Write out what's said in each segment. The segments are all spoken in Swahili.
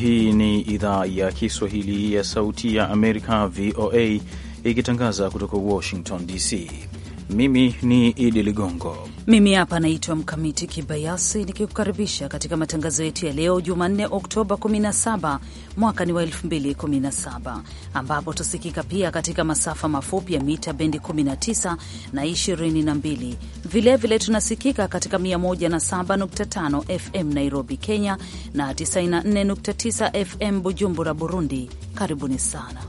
Hii ni idhaa ya Kiswahili ya Sauti ya Amerika, VOA, ikitangaza kutoka Washington DC. Mimi ni Idi Ligongo mimi hapa naitwa Mkamiti Kibayasi nikikukaribisha katika matangazo yetu ya leo Jumanne, Oktoba 17 mwaka ni wa 2017, ambapo tusikika pia katika masafa mafupi ya mita bendi 19 na 22. Vilevile vile tunasikika katika 107.5 FM Nairobi, Kenya na 94.9 FM Bujumbura, Burundi. Karibuni sana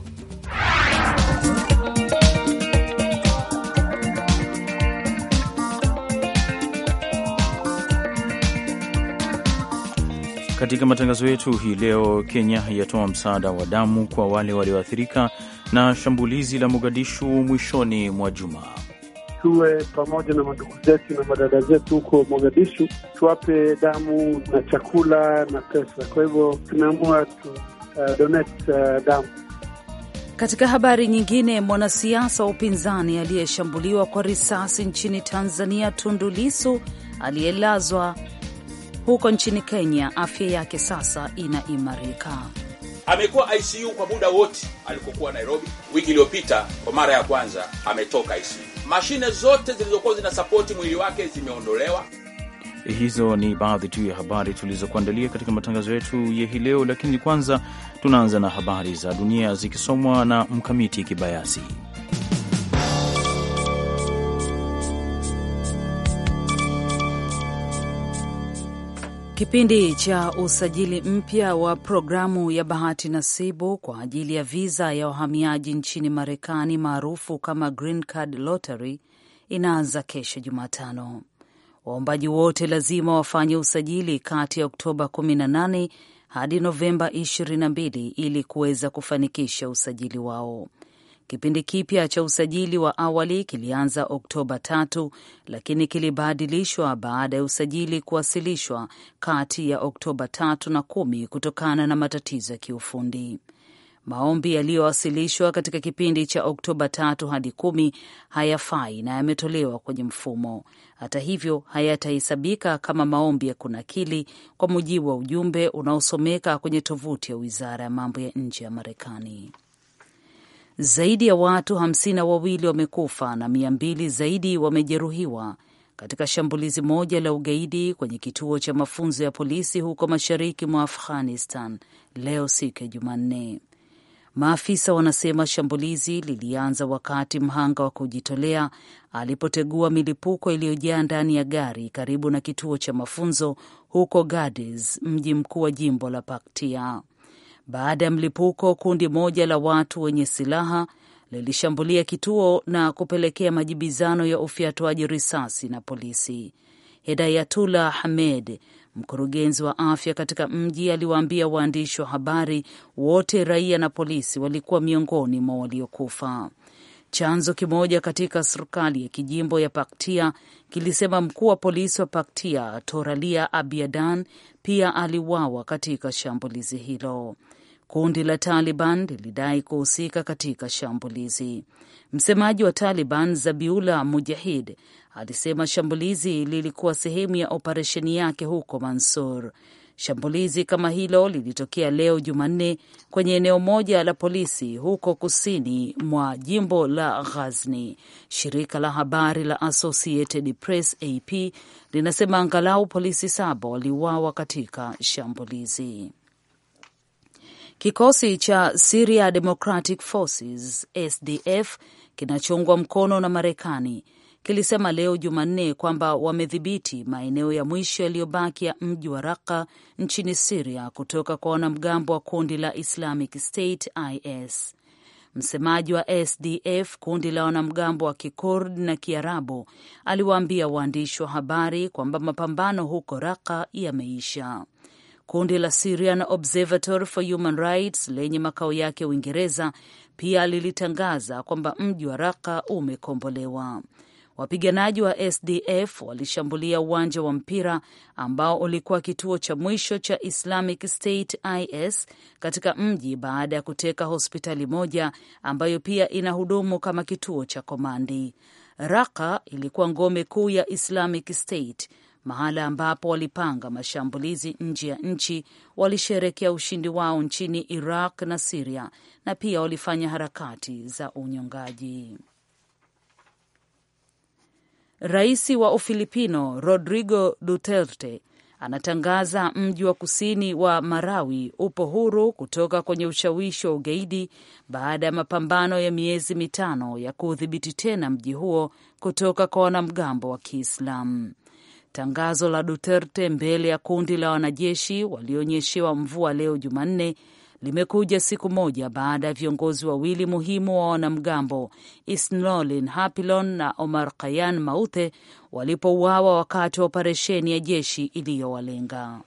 Katika matangazo yetu hii leo, Kenya yatoa msaada wa damu kwa wale walioathirika na shambulizi la Mogadishu mwishoni mwa juma. Tuwe pamoja na madugu zetu na madada zetu huko Mogadishu, tuwape damu na chakula na pesa. Kwa hivyo tumeamua tu uh, donate uh, damu. Katika habari nyingine, mwanasiasa wa upinzani aliyeshambuliwa kwa risasi nchini Tanzania, Tundu Lisu aliyelazwa huko nchini Kenya, afya yake sasa inaimarika. Amekuwa ICU kwa muda wote alikokuwa Nairobi. Wiki iliyopita kwa mara ya kwanza ametoka ICU. Mashine zote zilizokuwa zinasapoti mwili wake zimeondolewa. Hizo ni baadhi tu ya habari tulizokuandalia katika matangazo yetu ya hii leo, lakini kwanza tunaanza na habari za dunia zikisomwa na Mkamiti Kibayasi. Kipindi cha usajili mpya wa programu ya bahati nasibu kwa ajili ya viza ya wahamiaji nchini Marekani maarufu kama Green Card Lottery inaanza kesho Jumatano. Waombaji wote lazima wafanye usajili kati ya Oktoba 18 hadi Novemba 22 ili kuweza kufanikisha usajili wao. Kipindi kipya cha usajili wa awali kilianza Oktoba tatu, lakini kilibadilishwa baada ya usajili kuwasilishwa kati ya Oktoba tatu na kumi kutokana na matatizo ya kiufundi. Maombi yaliyowasilishwa katika kipindi cha Oktoba tatu hadi kumi hayafai na yametolewa kwenye mfumo. Hata hivyo, hayatahesabika kama maombi ya kunakili, kwa mujibu wa ujumbe unaosomeka kwenye tovuti ya wizara ya mambo ya nje ya Marekani. Zaidi ya watu hamsini na wawili wamekufa na mia mbili zaidi wamejeruhiwa katika shambulizi moja la ugaidi kwenye kituo cha mafunzo ya polisi huko mashariki mwa Afghanistan leo siku ya Jumanne. Maafisa wanasema shambulizi lilianza wakati mhanga wa kujitolea alipotegua milipuko iliyojaa ndani ya gari karibu na kituo cha mafunzo huko Gades, mji mkuu wa jimbo la Paktia baada ya mlipuko, kundi moja la watu wenye silaha lilishambulia kituo na kupelekea majibizano ya ufyatuaji risasi na polisi. hedayatula Hamed, mkurugenzi wa afya katika mji, aliwaambia waandishi wa habari wote raia na polisi walikuwa miongoni mwa waliokufa. Chanzo kimoja katika serikali ya kijimbo ya Paktia kilisema mkuu wa polisi wa Paktia, Toralia Abiadan, pia aliwawa katika shambulizi hilo. Kundi la Taliban lilidai kuhusika katika shambulizi. Msemaji wa Taliban Zabiula Mujahid alisema shambulizi lilikuwa sehemu ya operesheni yake huko Mansur. Shambulizi kama hilo lilitokea leo Jumanne kwenye eneo moja la polisi huko kusini mwa jimbo la Ghazni. Shirika la habari la Associated Press AP linasema angalau polisi saba waliuawa katika shambulizi. Kikosi cha Syria Democratic Forces SDF kinachoungwa mkono na Marekani kilisema leo Jumanne kwamba wamedhibiti maeneo ya mwisho yaliyobaki ya mji wa Raka nchini Siria kutoka kwa wanamgambo wa kundi la Islamic State IS. Msemaji wa SDF, kundi la wanamgambo wa Kikurd na Kiarabu, aliwaambia waandishi wa habari kwamba mapambano huko Raka yameisha. Kundi la Syrian Observatory for Human Rights lenye makao yake Uingereza pia lilitangaza kwamba mji wa Raka umekombolewa. Wapiganaji wa SDF walishambulia uwanja wa mpira ambao ulikuwa kituo cha mwisho cha Islamic State IS katika mji baada ya kuteka hospitali moja ambayo pia inahudumu kama kituo cha komandi. Raka ilikuwa ngome kuu ya Islamic State mahala ambapo walipanga mashambulizi nje ya nchi, walisherekea ushindi wao nchini Iraq na Siria na pia walifanya harakati za unyongaji. Rais wa Ufilipino Rodrigo Duterte anatangaza mji wa kusini wa Marawi upo huru kutoka kwenye ushawishi wa ugaidi baada ya mapambano ya miezi mitano ya kuudhibiti tena mji huo kutoka kwa wanamgambo wa Kiislamu. Tangazo la Duterte mbele ya kundi la wanajeshi walionyeshewa mvua leo Jumanne limekuja siku moja baada ya viongozi wawili muhimu wa wanamgambo Isnolin Hapilon na Omar Kayan Maute walipouawa wakati wa operesheni ya jeshi iliyowalenga.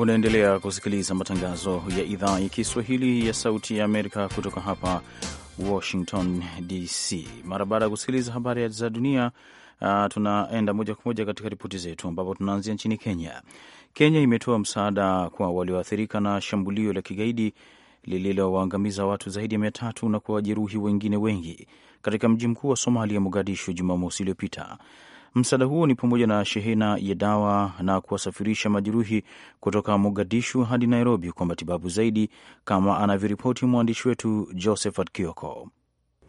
Unaendelea kusikiliza matangazo ya idhaa ya Kiswahili ya Sauti ya Amerika kutoka hapa Washington DC. Mara baada ya kusikiliza habari za dunia, uh, tunaenda moja kwa moja katika ripoti zetu ambapo tunaanzia nchini Kenya. Kenya imetoa msaada kwa walioathirika na shambulio la kigaidi lililowaangamiza watu zaidi ya mia tatu na kuwajeruhi wengine wengi katika mji mkuu wa Somalia, Mogadishu, Jumamosi iliyopita. Msaada huo ni pamoja na shehena ya dawa na kuwasafirisha majeruhi kutoka Mogadishu hadi Nairobi kwa matibabu zaidi, kama anavyoripoti mwandishi wetu Josephat Kioko.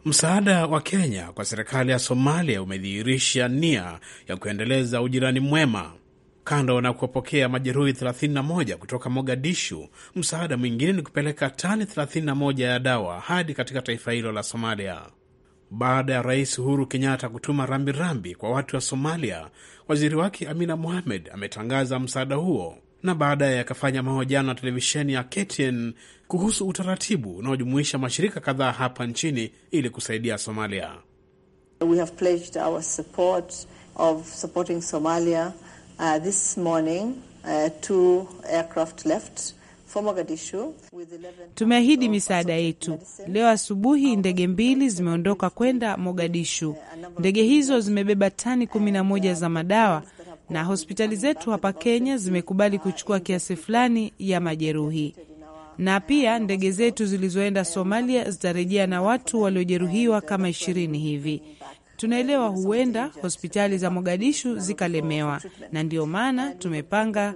Msaada wa Kenya kwa serikali ya Somalia umedhihirisha nia ya kuendeleza ujirani mwema. Kando na kuwapokea majeruhi 31 kutoka Mogadishu, msaada mwingine ni kupeleka tani 31 ya dawa hadi katika taifa hilo la Somalia baada ya Rais Uhuru Kenyatta kutuma rambirambi kwa watu wa Somalia, waziri wake Amina Mohamed ametangaza msaada huo na baadaye akafanya mahojiano na televisheni ya KTN kuhusu utaratibu unaojumuisha mashirika kadhaa hapa nchini ili kusaidia Somalia. We have pledged our support of supporting Somalia uh, this morning uh, two aircraft left Tumeahidi misaada yetu. Leo asubuhi ndege mbili zimeondoka kwenda Mogadishu. Ndege hizo zimebeba tani kumi na moja za madawa na hospitali zetu hapa Kenya zimekubali kuchukua kiasi fulani ya majeruhi, na pia ndege zetu zilizoenda Somalia zitarejea na watu waliojeruhiwa kama ishirini hivi. Tunaelewa huenda hospitali za Mogadishu zikalemewa, na ndio maana tumepanga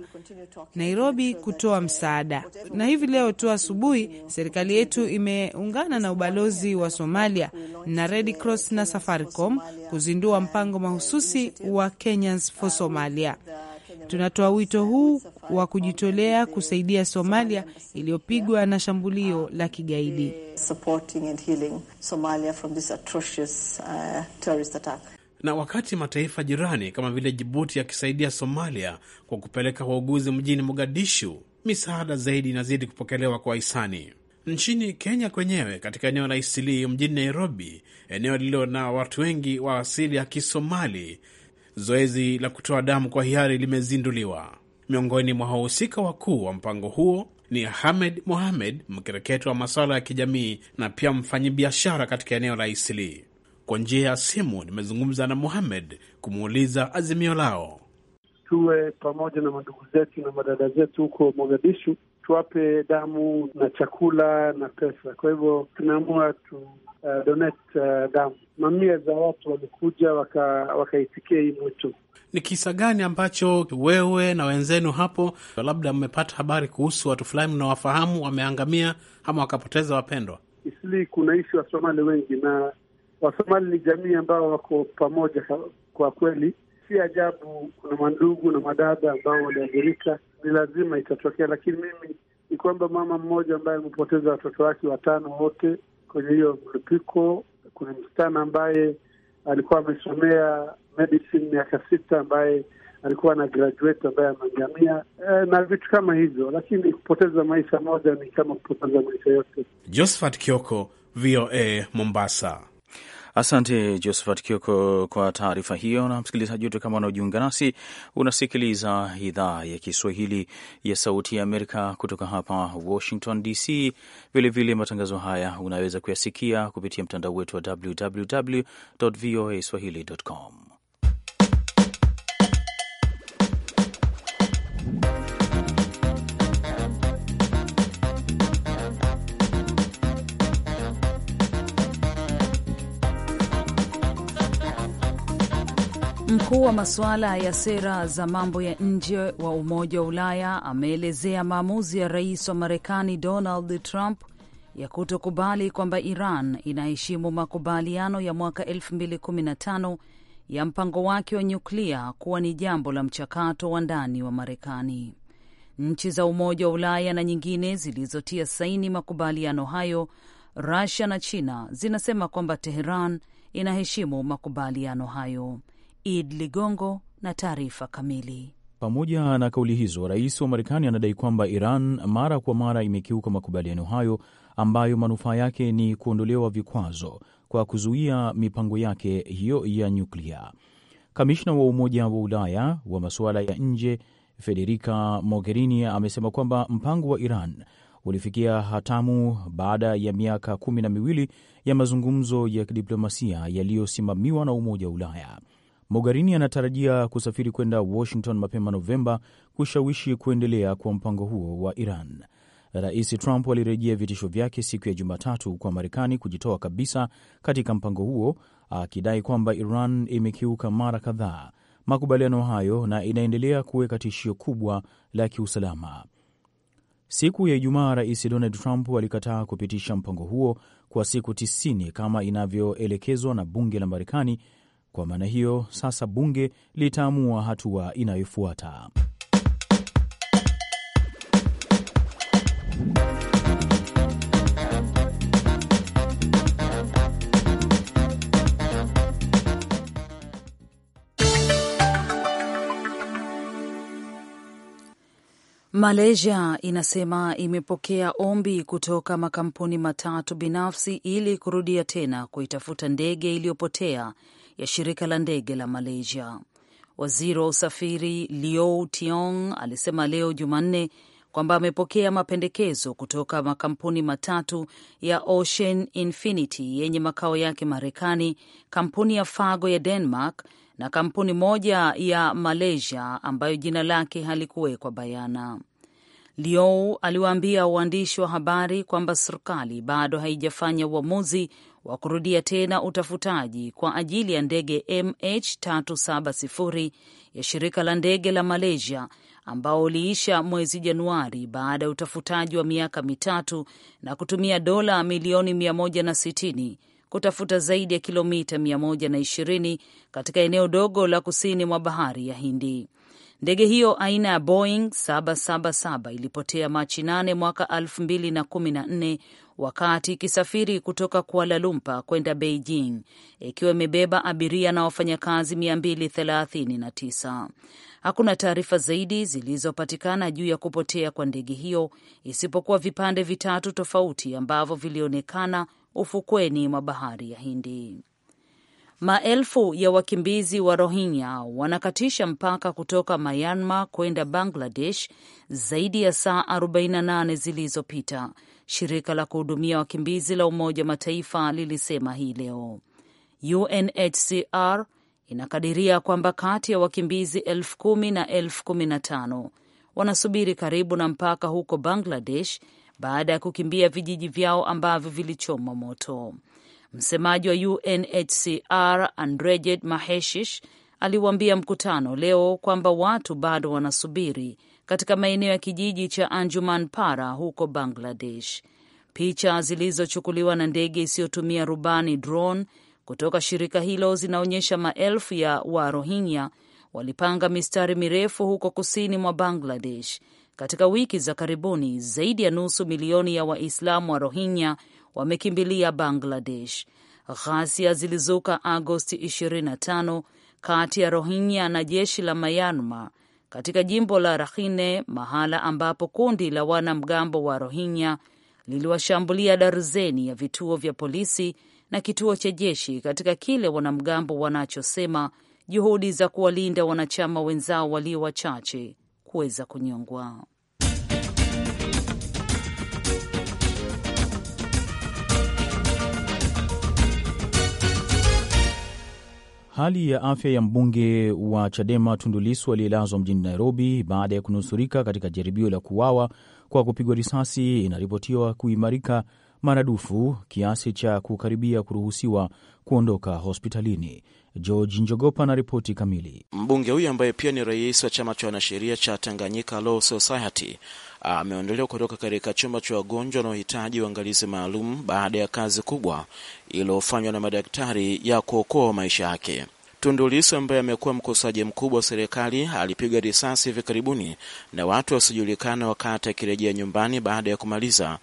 Nairobi kutoa msaada. Na hivi leo tu asubuhi, serikali yetu imeungana na ubalozi wa Somalia na Red Cross na Safaricom kuzindua mpango mahususi wa Kenyans for Somalia. Tunatoa wito huu wa kujitolea kusaidia Somalia iliyopigwa na shambulio la kigaidi. Uh, na wakati mataifa jirani kama vile Jibuti yakisaidia Somalia kwa kupeleka wauguzi mjini Mogadishu, misaada zaidi inazidi kupokelewa kwa hisani. Nchini Kenya kwenyewe, katika eneo la Isilii mjini Nairobi, eneo lililo na watu wengi wa asili ya Kisomali, zoezi la kutoa damu kwa hiari limezinduliwa. Miongoni mwa wahusika wakuu wa mpango huo ni Hamed Mohamed, mkereketo wa masuala ya kijamii na pia mfanyibiashara katika eneo la Isili. Kwa njia ya simu nimezungumza na Mohamed kumuuliza azimio lao. Tuwe pamoja na mandugu zetu na madada zetu huko Mogadishu, tuwape damu na chakula na pesa. Kwa hivyo tunaamua tu Uh, donate uh, damu. Mamia za watu walikuja wakaitikia waka hii mwito. Ni kisa gani ambacho wewe na wenzenu hapo, labda mmepata habari kuhusu watu fulani mnawafahamu wameangamia ama wakapoteza wapendwa? Isli ishi Wasomali wengi na Wasomali ni jamii ambao wako pamoja kwa kweli. Si ajabu kuna mandugu na madada ambao waliathirika, ni lazima itatokea. Lakini mimi ni kwamba mama mmoja ambaye amepoteza watoto wake watano wote kwenye hiyo mlipiko. Kuna msichana ambaye alikuwa amesomea medicine miaka sita ambaye alikuwa na graduate ambaye ameangamia e, na vitu kama hivyo, lakini kupoteza maisha moja ni kama kupoteza maisha yote. Josephat Kioko, VOA Mombasa. Asante Josephat Kioko kwa taarifa hiyo. Na msikilizaji wetu, kama unaojiunga nasi, unasikiliza idhaa ya Kiswahili ya Sauti ya Amerika kutoka hapa Washington DC. Vilevile matangazo haya unaweza kuyasikia kupitia mtandao wetu wa www voa swahili com Mkuu wa masuala ya sera za mambo ya nje wa Umoja wa Ulaya ameelezea maamuzi ya rais wa Marekani Donald Trump ya kutokubali kwamba Iran inaheshimu makubaliano ya mwaka 2015 ya mpango wake wa nyuklia kuwa ni jambo la mchakato wa ndani wa Marekani. Nchi za Umoja wa Ulaya na nyingine zilizotia saini makubaliano hayo, Rusia na China, zinasema kwamba Teheran inaheshimu makubaliano hayo. Id Ligongo na taarifa kamili. Pamoja na kauli hizo, rais wa Marekani anadai kwamba Iran mara kwa mara imekiuka makubaliano hayo ambayo manufaa yake ni kuondolewa vikwazo kwa kuzuia mipango yake hiyo ya nyuklia. Kamishna wa Umoja wa Ulaya wa masuala ya nje Federica Mogherini amesema kwamba mpango wa Iran ulifikia hatamu baada ya miaka kumi na miwili ya mazungumzo ya kidiplomasia yaliyosimamiwa na Umoja wa Ulaya. Mogherini anatarajia kusafiri kwenda Washington mapema Novemba kushawishi kuendelea kwa mpango huo wa Iran. Rais Trump alirejea vitisho vyake siku ya Jumatatu kwa Marekani kujitoa kabisa katika mpango huo, akidai kwamba Iran imekiuka mara kadhaa makubaliano hayo na inaendelea kuweka tishio kubwa la kiusalama. Siku ya Ijumaa, Rais Donald Trump alikataa kupitisha mpango huo kwa siku 90 kama inavyoelekezwa na bunge la Marekani kwa maana hiyo sasa bunge litaamua hatua inayofuata. Malaysia inasema imepokea ombi kutoka makampuni matatu binafsi ili kurudia tena kuitafuta ndege iliyopotea ya shirika la ndege la Malaysia. Waziri wa usafiri liou Tiong alisema leo Jumanne kwamba amepokea mapendekezo kutoka makampuni matatu ya Ocean Infinity yenye makao yake Marekani, kampuni ya Fago ya Denmark na kampuni moja ya Malaysia ambayo jina lake halikuwekwa bayana. Liou aliwaambia waandishi wa habari kwamba serikali bado haijafanya uamuzi wa kurudia tena utafutaji kwa ajili ya ndege MH370 ya shirika la ndege la Malaysia ambao uliisha mwezi Januari baada ya utafutaji wa miaka mitatu na kutumia dola milioni 160 kutafuta zaidi ya kilomita 120 katika eneo dogo la kusini mwa bahari ya Hindi. Ndege hiyo aina ya Boeing 777 ilipotea Machi 8 mwaka 2014 wakati ikisafiri kutoka Kuala Lumpur kwenda Beijing ikiwa imebeba abiria na wafanyakazi 239. Hakuna taarifa zaidi zilizopatikana juu ya kupotea kwa ndege hiyo isipokuwa vipande vitatu tofauti ambavyo vilionekana ufukweni mwa bahari ya Hindi. Maelfu ya wakimbizi wa Rohingya wanakatisha mpaka kutoka Myanmar kwenda Bangladesh zaidi ya saa 48 zilizopita, shirika la kuhudumia wakimbizi la Umoja wa Mataifa lilisema hii leo. UNHCR inakadiria kwamba kati ya wakimbizi elfu kumi na elfu kumi na tano wanasubiri karibu na mpaka huko Bangladesh baada ya kukimbia vijiji vyao ambavyo vilichomwa moto. Msemaji wa UNHCR Andrejed Maheshish aliwaambia mkutano leo kwamba watu bado wanasubiri katika maeneo ya kijiji cha Anjuman Para huko Bangladesh. Picha zilizochukuliwa na ndege isiyotumia rubani drone kutoka shirika hilo zinaonyesha maelfu ya Warohingya walipanga mistari mirefu huko kusini mwa Bangladesh katika wiki za karibuni. Zaidi ya nusu milioni ya Waislamu wa Rohingya wamekimbilia Bangladesh. Ghasia zilizuka Agosti 25 kati ya Rohingya na jeshi la Myanmar katika jimbo la Rakhine, mahala ambapo kundi la wanamgambo wa Rohingya liliwashambulia darzeni ya vituo vya polisi na kituo cha jeshi katika kile wanamgambo wanachosema juhudi za kuwalinda wanachama wenzao walio wachache kuweza kunyongwa. Hali ya afya ya mbunge wa Chadema Tundu Lissu aliyelazwa mjini Nairobi baada ya kunusurika katika jaribio la kuuawa kwa kupigwa risasi inaripotiwa kuimarika maradufu kiasi cha kukaribia kuruhusiwa kuondoka hospitalini. George Njogopa na ripoti kamili. Mbunge huyo ambaye pia ni rais wa chama cha wanasheria cha Tanganyika Law Society Ah, ameondolewa kutoka katika chumba cha wagonjwa wanaohitaji uangalizi maalum baada ya kazi kubwa iliyofanywa na madaktari ya kuokoa maisha yake. tundulisi ambaye amekuwa mkosoaji mkubwa wa serikali alipigwa risasi hivi karibuni na watu wasiojulikana wakati akirejea nyumbani baada ya kumaliza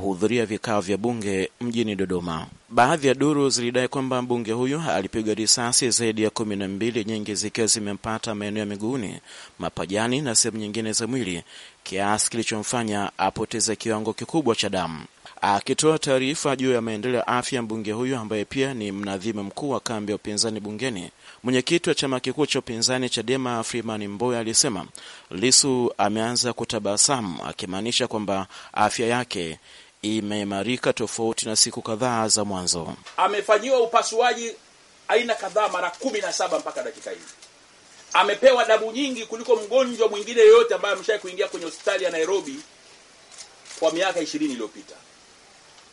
kuhudhuria vikao vya bunge mjini Dodoma. Baadhi ya duru zilidai kwamba mbunge huyo alipigwa risasi zaidi ya kumi na mbili, nyingi zikiwa zimempata maeneo ya miguuni, mapajani na sehemu nyingine za mwili, kiasi kilichomfanya apoteze kiwango kikubwa cha damu. Akitoa taarifa juu ya maendeleo ya afya, mbunge huyo ambaye pia ni mnadhimu mkuu wa kambi ya upinzani bungeni, mwenyekiti wa chama kikuu cha upinzani Chadema Freeman Mbowe alisema Lisu ameanza kutabasamu, akimaanisha kwamba afya yake imeimarika tofauti na siku kadhaa za mwanzo. Amefanyiwa upasuaji aina kadhaa mara kumi na saba mpaka dakika hii amepewa damu nyingi kuliko mgonjwa mwingine yoyote ambaye ameshawahi kuingia kwenye hospitali ya Nairobi kwa miaka ishirini iliyopita.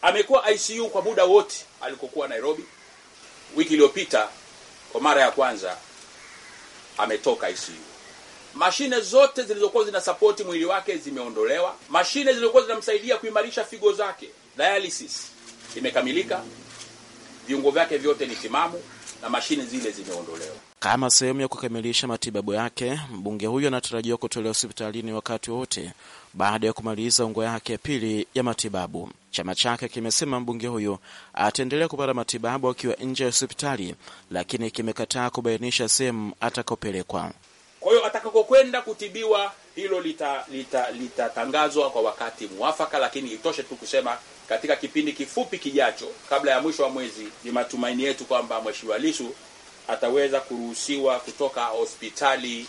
Amekuwa ICU kwa muda wote alikokuwa Nairobi. Wiki iliyopita kwa mara ya kwanza ametoka ICU. Mashine zote zilizokuwa zina sapoti mwili wake zimeondolewa. Mashine zilizokuwa zinamsaidia kuimarisha figo zake, dialysis imekamilika, viungo vyake vyote ni timamu na mashine zile zimeondolewa. Kama sehemu ya kukamilisha matibabu yake, mbunge huyo anatarajiwa kutolewa hospitalini wakati wowote baada ya kumaliza ungo yake ya pili ya matibabu. Chama chake kimesema mbunge huyo ataendelea kupata matibabu akiwa nje ya hospitali, lakini kimekataa kubainisha sehemu atakopelekwa. Kwa hiyo atakakokwenda kutibiwa hilo litatangazwa lita, lita kwa wakati mwafaka, lakini itoshe tu kusema katika kipindi kifupi kijacho kabla ya mwisho wa mwezi, ni matumaini yetu kwamba Mheshimiwa lisu ataweza kuruhusiwa kutoka hospitali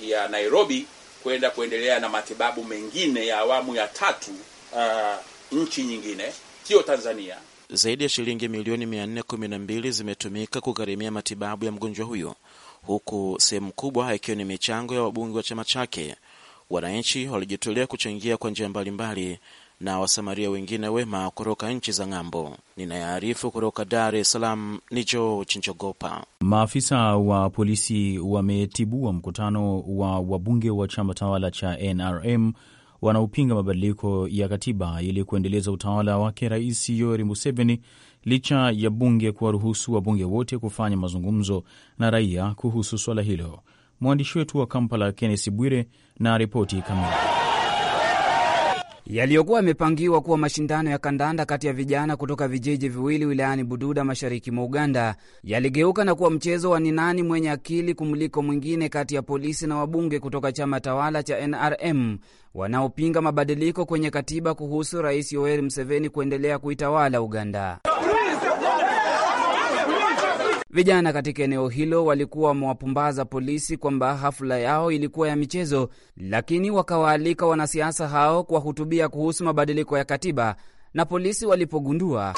ya Nairobi kwenda kuendelea na matibabu mengine ya awamu ya tatu uh, nchi nyingine, sio Tanzania. Zaidi ya shilingi milioni 412 zimetumika kugharimia matibabu ya mgonjwa huyo huku sehemu kubwa ikiwa ni michango ya wabunge wa chama chake. Wananchi walijitolea kuchangia kwa njia mbalimbali na wasamaria wengine wema kutoka nchi za ng'ambo. Ninayaarifu kutoka Dar es Salaam ni George Njogopa. Maafisa wa polisi wametibua mkutano wa wabunge wa chama tawala cha NRM wanaopinga mabadiliko ya katiba ili kuendeleza utawala wake Rais Yoweri Museveni licha ya bunge kuwaruhusu wabunge wote kufanya mazungumzo na raia kuhusu swala hilo. Mwandishi wetu wa Kampala Kennesi Bwire na ripoti kamili yaliyokuwa yamepangiwa kuwa mashindano ya kandanda kati ya vijana kutoka vijiji viwili wilayani Bududa, mashariki mwa Uganda, yaligeuka na kuwa mchezo wa ni nani mwenye akili kumliko mwingine kati ya polisi na wabunge kutoka chama tawala cha NRM wanaopinga mabadiliko kwenye katiba kuhusu Rais Yoweri Museveni kuendelea kuitawala Uganda. Vijana katika eneo hilo walikuwa wamewapumbaza polisi kwamba hafla yao ilikuwa ya michezo, lakini wakawaalika wanasiasa hao kuwahutubia kuhusu mabadiliko ya katiba, na polisi walipogundua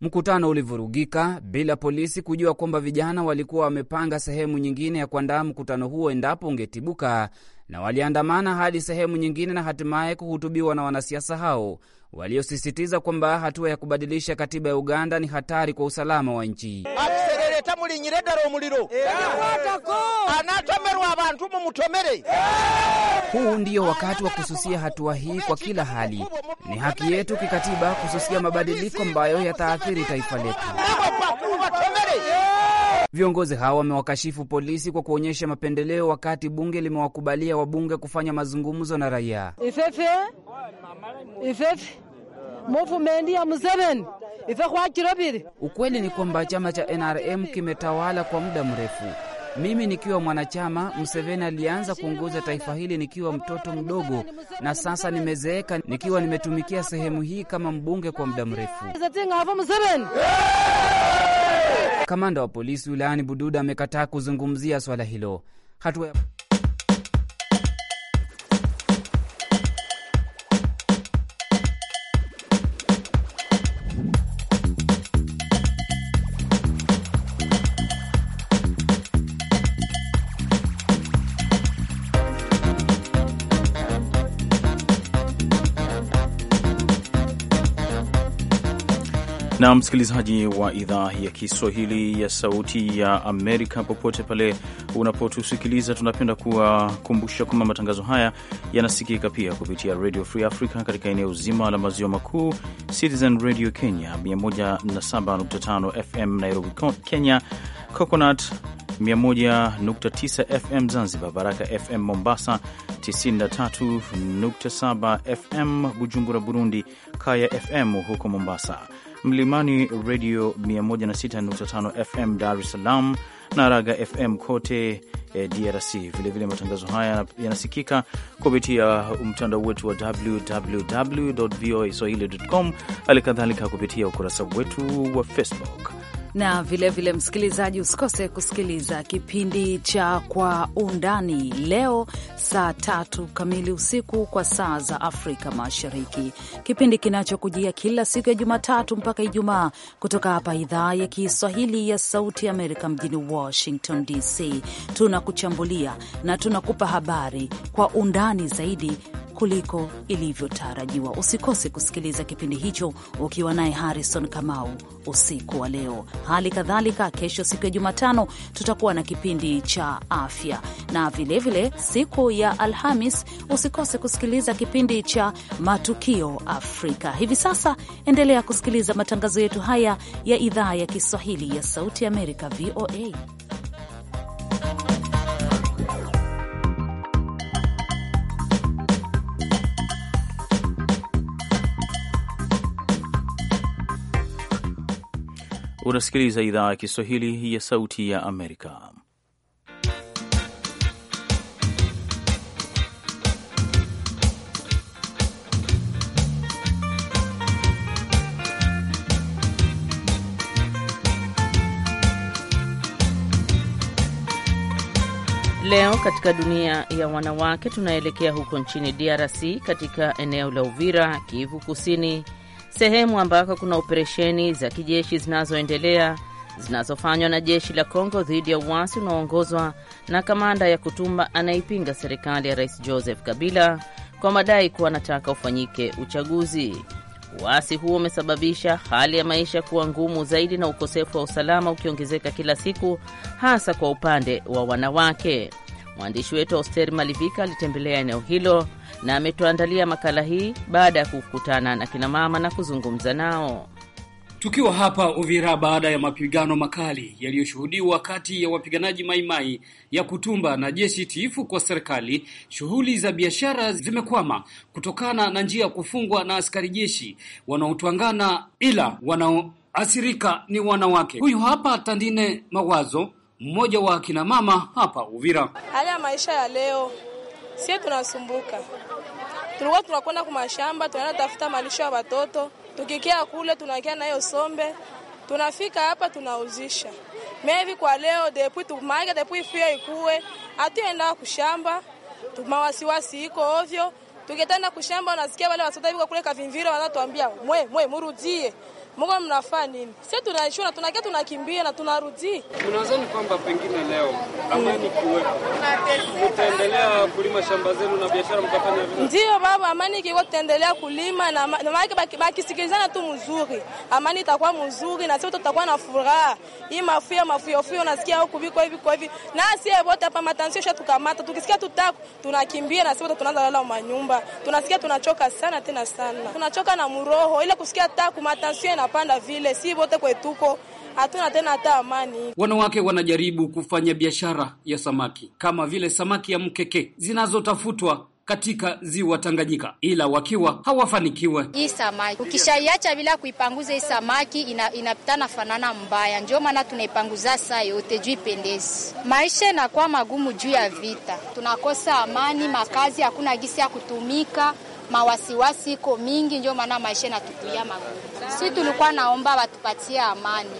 mkutano ulivurugika bila polisi kujua kwamba vijana walikuwa wamepanga sehemu nyingine ya kuandaa mkutano huo endapo ungetibuka, na waliandamana hadi sehemu nyingine na hatimaye kuhutubiwa na wanasiasa hao waliosisitiza kwamba hatua ya kubadilisha katiba ya Uganda ni hatari kwa usalama wa nchi. Eh. Eh. Huu ndiyo wakati wa kususia hatua hii kwa kila hali. Ni haki yetu kikatiba kususia mabadiliko ambayo yataathiri taifa letu. Eh. Viongozi hao wamewakashifu polisi kwa kuonyesha mapendeleo wakati bunge limewakubalia wabunge kufanya mazungumzo na raia. ifefe ifefe ya Museveni Ukweli ni kwamba chama cha NRM kimetawala kwa muda mrefu mimi nikiwa mwanachama, Museveni alianza kuongoza taifa hili nikiwa mtoto mdogo, na sasa nimezeeka, nikiwa nimetumikia sehemu hii kama mbunge kwa muda mrefu. Kamanda wa polisi wilayani Bududa amekataa kuzungumzia swala hilo. Hatua na msikilizaji wa idhaa ya Kiswahili ya Sauti ya Amerika, popote pale unapotusikiliza, tunapenda kuwakumbusha kwamba matangazo haya yanasikika pia kupitia Radio Free Africa katika eneo zima la maziwa makuu, Citizen Radio Kenya 107.5 FM Nairobi, Kenya, Coconut 101.9 FM Zanzibar, Baraka FM Mombasa 93.7 FM Bujumbura, Burundi, Kaya FM huko Mombasa Mlimani Radio 106.5 FM Dar es Salaam na Raga FM kote e, eh, DRC. Vilevile vile matangazo haya yanasikika kupitia mtandao wetu wa www voa swahili.com, hali kadhalika kupitia ukurasa wetu wa Facebook na vilevile vile, msikilizaji, usikose kusikiliza kipindi cha Kwa Undani leo saa tatu kamili usiku kwa saa za Afrika Mashariki, kipindi kinachokujia kila siku ya Jumatatu mpaka Ijumaa kutoka hapa idhaa ya Kiswahili ya Sauti ya Amerika mjini Washington DC. Tunakuchambulia na tunakupa habari kwa undani zaidi kuliko ilivyotarajiwa. Usikose kusikiliza kipindi hicho ukiwa naye Harrison Kamau usiku wa leo. Hali kadhalika, kesho siku ya Jumatano tutakuwa na kipindi cha afya, na vilevile vile, siku ya Alhamis usikose kusikiliza kipindi cha matukio Afrika. Hivi sasa endelea kusikiliza matangazo yetu haya ya idhaa ya Kiswahili ya Sauti ya Amerika, VOA. Unasikiliza idhaa ya Kiswahili ya Sauti ya Amerika. Leo katika dunia ya wanawake tunaelekea huko nchini DRC katika eneo la Uvira, Kivu Kusini, sehemu ambako kuna operesheni za kijeshi zinazoendelea zinazofanywa na jeshi la Kongo dhidi ya uasi unaoongozwa na kamanda ya Kutumba anayeipinga serikali ya Rais Joseph Kabila kwa madai kuwa anataka ufanyike uchaguzi. Uasi huo umesababisha hali ya maisha kuwa ngumu zaidi na ukosefu wa usalama ukiongezeka kila siku, hasa kwa upande wa wanawake. Mwandishi wetu Austeri Malivika alitembelea eneo hilo na ametuandalia makala hii baada ya kukutana na kinamama na kuzungumza nao. Tukiwa hapa Uvira, baada ya mapigano makali yaliyoshuhudiwa kati ya wapiganaji Maimai ya Kutumba na jeshi tiifu kwa serikali, shughuli za biashara zimekwama kutokana na njia ya kufungwa na askari jeshi wanaotwangana, ila wanaoathirika ni wanawake. Huyu hapa Tandine Mawazo, mmoja wa akinamama hapa Uvira. Hali ya maisha ya leo, sie tunasumbuka tulikuwa tunakwenda kumashamba, tunaenda tafuta malisho ya watoto, tukikia kule tunakia nayo sombe, tunafika hapa tunauzisha mevi kwa leo depui tumaike depui fia ikue hatuenda kushamba, tumawasiwasi iko ovyo. Tukitenda kushamba, unasikia wale watoto kwa kule kavimvira wanatuambia mwe mwe murudie Mungu mnafaa nini? Sisi tunaishi na tunakia tunakimbia na tunarudi. Tunazani kwamba pengine leo amani kiwepo. Mtaendelea kulima shamba zenu na biashara mkafanya vile. Ndio baba, amani kiwepo tutaendelea kulima na na maana bakisikilizana tu mzuri. Amani itakuwa mzuri na sisi tutakuwa na furaha. Hii mafia mafia ofio nasikia huko biko hivi kwa hivi. Na sisi wote hapa matansio sha tukamata tukisikia tutaku tunakimbia na sisi tunaanza lala manyumba. Tunasikia tunachoka sana tena sana. Tunachoka na muroho ile kusikia taku matansio na tunapanda vile, si wote kwetuko hatuna tena hata amani. Wanawake wanajaribu kufanya biashara ya samaki kama vile samaki ya mkeke zinazotafutwa katika ziwa Tanganyika, ila wakiwa hawafanikiwe. Hii samaki ukishaiacha bila kuipanguza, hii samaki inapitana ina fanana mbaya, ndio maana tunaipanguza saa yote juu ipendezi. Maisha inakuwa magumu juu ya vita, tunakosa amani, makazi hakuna, gisi ya kutumika, mawasiwasi iko mingi, ndio maana maisha inatukuia magumu si tulikuwa naomba watupatie amani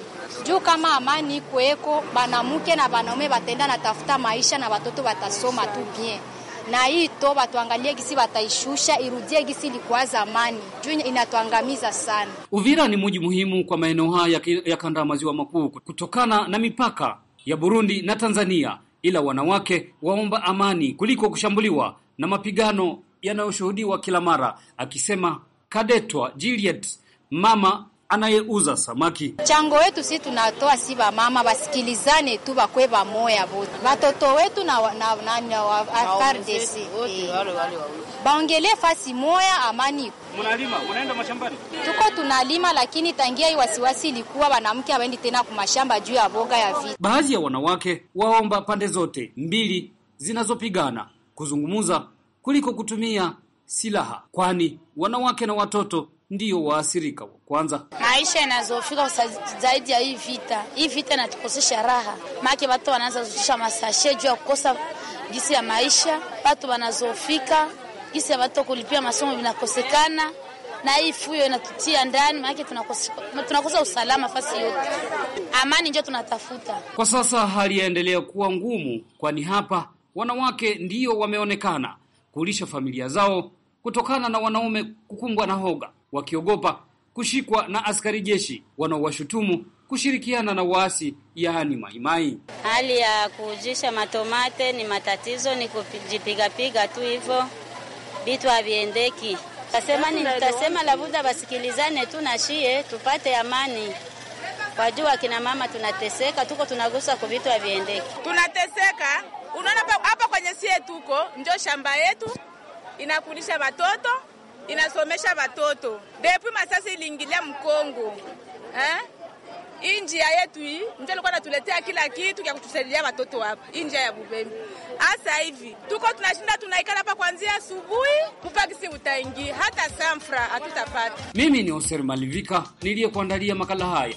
juu kama amani ikweko banamuke na banaume batenda na tafuta maisha na watoto watasoma tu bien, na hii to batuangalie gisi wataishusha irudie gisi likuwa zamani, juu inatuangamiza sana. Uvira ni muji muhimu kwa maeneo haya ya kanda ya maziwa makuu kutokana na mipaka ya Burundi na Tanzania, ila wanawake waomba amani kuliko kushambuliwa na mapigano yanayoshuhudiwa kila mara, akisema Kadetwa Juliet mama anayeuza samaki. Chango wetu si tunatoa si mama basikilizane tu bakwe moya bote watoto wetu na, na, na, na wafardesi eh. baongelee fasi moya amani. Mnalima, unaenda mashambani? Tuko tunalima, lakini tangia hii wasiwasi ilikuwa wanawake hawaendi tena kumashamba juu ya boga ya vita. Baadhi ya wanawake waomba pande zote mbili zinazopigana kuzungumza kuliko kutumia silaha, kwani wanawake na watoto ndiyo waathirika wa kwanza. Maisha inazofika zaidi ya hii vita, hii vita inatukosesha raha, maake watu wanaanza zutisha masashe juu ya kukosa gisi ya maisha, watu wanazofika gisi ya watu kulipia masomo vinakosekana, na hii fuyo inatutia ndani, maake tunakosa, tunakosa usalama fasi yote. Amani ndio tunatafuta kwa sasa. Hali yaendelea kuwa ngumu, kwani hapa wanawake ndiyo wameonekana kulisha familia zao kutokana na wanaume kukumbwa na hoga wakiogopa kushikwa na askari jeshi wanaowashutumu kushirikiana na waasi yaani Maimai. Hali ya kuujisha matomate ni matatizo, ni kujipigapiga tu hivyo, vitu haviendeki. Tasema ni tutasema, labuda basikilizane tu na shie tupate amani. Kwa jua kina mama tunateseka, tuko tunagusa kwa vitu haviendeki, tunateseka. Unaona hapa kwenye sie tuko njo shamba yetu inakulisha watoto inasomesha watoto depuis masasi iliingilia Mkongo eh? Injia yetu hii mtu alikuwa anatuletea kila kitu kya kutusaidia watoto hapa, hii njia ya Bubembe. Hasa hivi tuko tunashinda tunaikala hapa kuanzia asubuhi, mupakisi utaingia hata samfra hatutapata. Mimi ni Oser Malivika niliyekuandalia makala haya.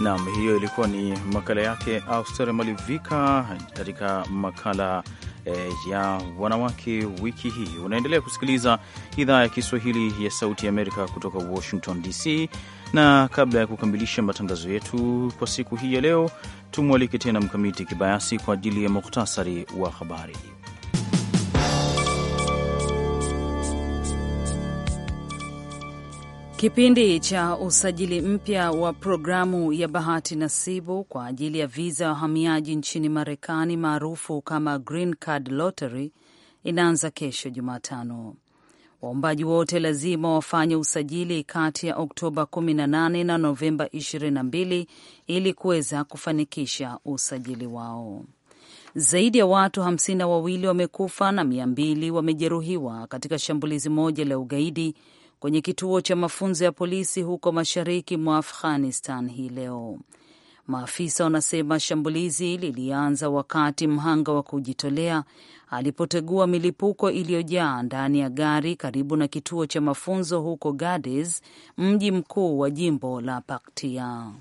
Nam, hiyo ilikuwa ni makala yake Auster Malivika katika makala eh, ya wanawake wiki hii. Unaendelea kusikiliza idhaa ya Kiswahili ya Sauti ya Amerika kutoka Washington DC, na kabla ya kukamilisha matangazo yetu kwa siku hii ya leo, tumwalike tena Mkamiti Kibayasi kwa ajili ya muhtasari wa habari. Kipindi cha usajili mpya wa programu ya bahati nasibu kwa ajili ya viza ya wahamiaji nchini Marekani maarufu kama Green Card Lottery inaanza kesho Jumatano. Waombaji wote lazima wafanye usajili kati ya Oktoba 18 na Novemba 22 ili kuweza kufanikisha usajili wao. Zaidi ya watu hamsini na wawili wamekufa na mia mbili wamejeruhiwa katika shambulizi moja la ugaidi kwenye kituo cha mafunzo ya polisi huko mashariki mwa Afghanistan hii leo. Maafisa wanasema shambulizi lilianza wakati mhanga wa kujitolea alipotegua milipuko iliyojaa ndani ya gari karibu na kituo cha mafunzo huko Gades, mji mkuu wa jimbo la Paktia.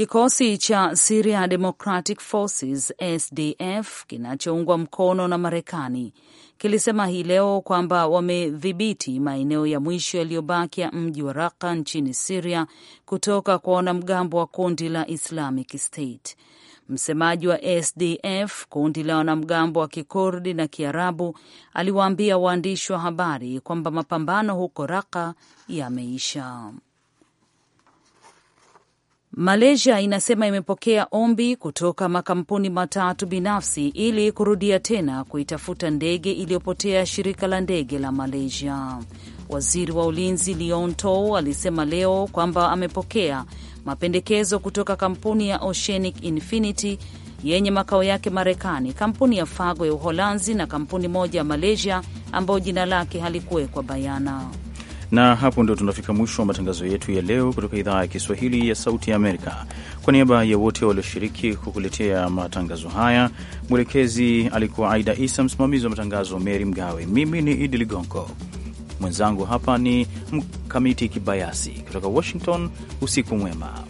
Kikosi cha Syria Democratic Forces SDF kinachoungwa mkono na Marekani kilisema hii leo kwamba wamedhibiti maeneo ya mwisho yaliyobaki ya mji wa Raqqa nchini Syria kutoka kwa wanamgambo wa kundi la Islamic State. Msemaji wa SDF, kundi la wanamgambo wa Kikurdi na Kiarabu, aliwaambia waandishi wa habari kwamba mapambano huko Raqqa yameisha. Malaysia inasema imepokea ombi kutoka makampuni matatu binafsi ili kurudia tena kuitafuta ndege iliyopotea shirika la ndege la Malaysia. Waziri wa ulinzi Leon tou alisema leo kwamba amepokea mapendekezo kutoka kampuni ya Oceanic Infinity yenye makao yake Marekani, kampuni ya Fago ya Uholanzi na kampuni moja ya Malaysia ambayo jina lake halikuwekwa bayana. Na hapo ndio tunafika mwisho wa matangazo yetu ya leo kutoka idhaa ya Kiswahili ya Sauti ya Amerika. Kwa niaba ya wote walioshiriki kukuletea matangazo haya, mwelekezi alikuwa Aida Isa, msimamizi wa matangazo Meri Mgawe, mimi ni Idi Ligongo, mwenzangu hapa ni Mkamiti Kibayasi kutoka Washington. Usiku mwema.